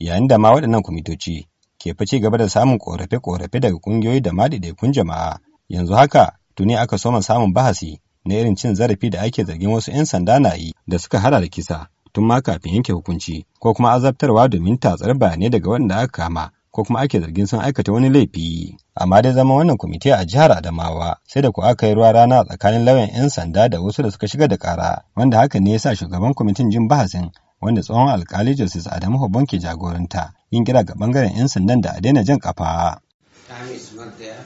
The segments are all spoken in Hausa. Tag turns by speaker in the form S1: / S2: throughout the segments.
S1: yayin da ma waɗannan kwamitoci ke fa ci gaba da samun korafe-korafe daga ƙungiyoyi da kun jama'a yanzu haka tuni aka soma samun bahasi na irin cin zarafi da ake zargin wasu 'yan sanda na yi da suka hada da kisa tun ma kafin yanke hukunci ko kuma azabtarwa domin tatsar bayanai daga waɗanda aka kama ko kuma ake zargin sun aikata wani laifi amma dai zama wannan kwamiti a jihar adamawa sai da ku aka yi ruwa rana tsakanin lauyan 'yan sanda da wasu da suka shiga da ƙara wanda haka ne ya sa shugaban kwamitin jin bahasin wanda tsohon alkali Justice Adamu Hobon ke jagoranta yin kira ga bangaren 'yan sandan da a daina jan kafa.
S2: Time is not there,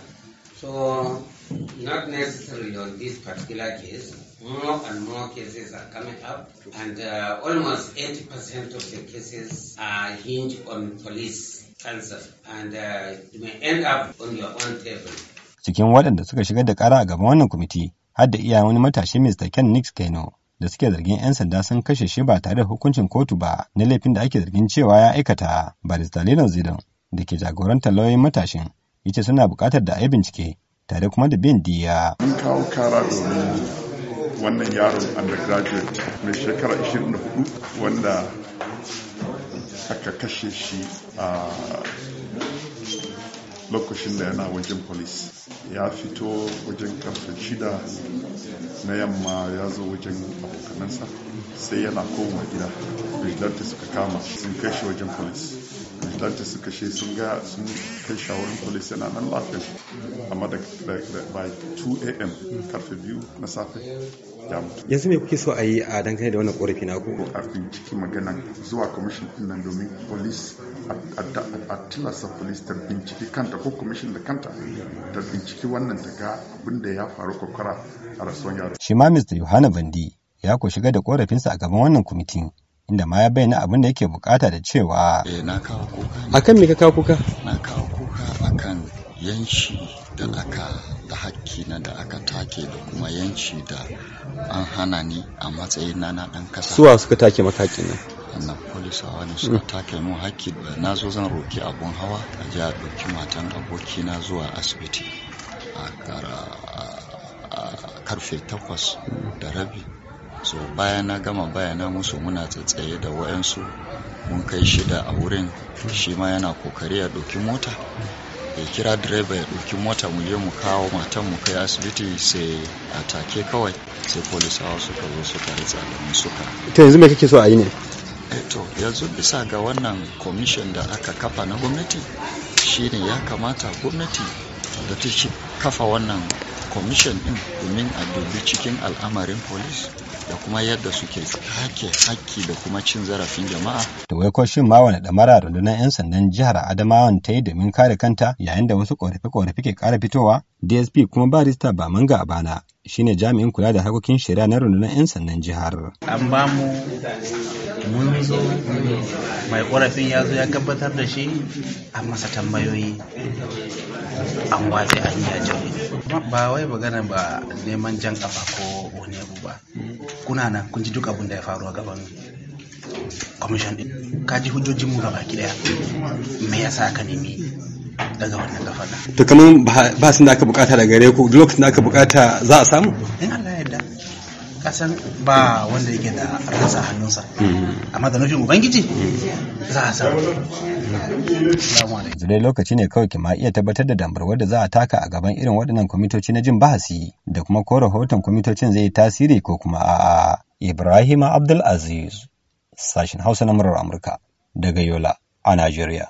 S2: necessarily on this particular case. More and more cases are coming up, and uh, almost 80% of the cases are hinged on police counsel, and uh, you may end up on your own table.
S1: Cikin waɗanda suka shigar kara ƙara a gaban wannan kwamiti, har da wani matashi Mr. Ken Nix Keno. da suke zargin 'yan sanda sun kashe shi ba tare da hukuncin kotu ba na laifin da ake zargin cewa ya aikata barista lenon zidon da ke jagorantar lauyoyin matashin yace suna buƙatar da a yi bincike tare kuma da bin diya.
S3: Mun kawo kara domin wannan yaron undergraduate mai shekara 24 wanda aka kashe shi a lokacin da yana wajen polis ya fito wajen karfe shida na yamma ya zo wajen abokanansa sai yana koma gida vigilante suka kama sun kai shi wajen polis vigilante suka shi sun ga sun kai shawarin polis yana nan lafiya amma da by 2 am karfe biyu na safe ya mutu yanzu me kuke so a yi a dangane da wannan korafi na ku a binciki magana zuwa kwamishin nan domin polis a tilasta polis ta binciki kanta ko kwamishin da kanta ta binciki wannan ta ga abin da ya faru kwakwara a rasuwan yaro.
S1: shi ma mr yohana bandi ya ko shiga da korafinsa a gaban wannan kwamitin inda ma ya bayyana abin da yake bukata da cewa
S3: eh, na kawo kuka
S1: akan me ka kawo kuka
S3: na kawo kuka akan yanci da aka da hakki na da aka take da kuma yanci da an hana ni a matsayin na na dan kasa suwa
S1: suka take maka hakkin nan
S3: wannan folisawa ne suka take mun haƙƙi na zo zan roki abun hawa a ji a ɗauki matan abokina zuwa asibiti a karfe takwas da rabi so bayan na gama bayana musu muna tsatsaye da wayansu mun kai shida a wurin shi ma yana kokari ya ɗauki mota ya kira direba ya ɗauki mota mu je mu kawo matan mu kai asibiti sai a take kawai sai polisawa suka zo suka ritsa da mai suka
S1: Ta yanzu mai kake so a yi ne
S3: to yanzu bisa ga wannan kwamishin da aka kafa na gwamnati shine ya kamata gwamnati da ta kafa wannan kwamishin din domin a dubi cikin al'amarin polis da kuma yadda suke hake hakki da kuma cin zarafin jama'a.
S1: Da wai shin ma wani ɗamara rundunar 'yan sandan jihar Adamawan ta yi domin kare kanta yayin da wasu ƙorafe-ƙorafe ke kara fitowa, DSP kuma barista ba manga a bana shine jami'in kula da harkokin shari'a na rundunar 'yan sandan
S2: jihar. An ba mu mun mai ƙorafin ya zo ya gabatar da shi an masa tambayoyi an watsi an yi ajiyar. Ba wai magana ba neman jan kafa ko wani abu ba. Kuna nan kun ji duk abin da ya faru a gaban kwamishin ɗin? Ka ji hujjojin mu gaba baki ɗaya Me yasa ka nemi daga wannan kafa
S1: to kaman ba sun da aka bukata daga gare ku lokacin da aka bukata za a samu
S2: in Allah ya yarda san ba wanda yake da rasa hannunsa hmm. amma da nufin ubangiji za a samu
S1: zai lokaci ne kawai ma iya tabbatar da dambarwar da za a taka a gaban irin waɗannan kwamitoci na jin bahasi da kuma ko rahoton kwamitocin zai yi tasiri ko kuma a'a ibrahima abdulaziz sashen hausa na murar amurka daga yola a najeriya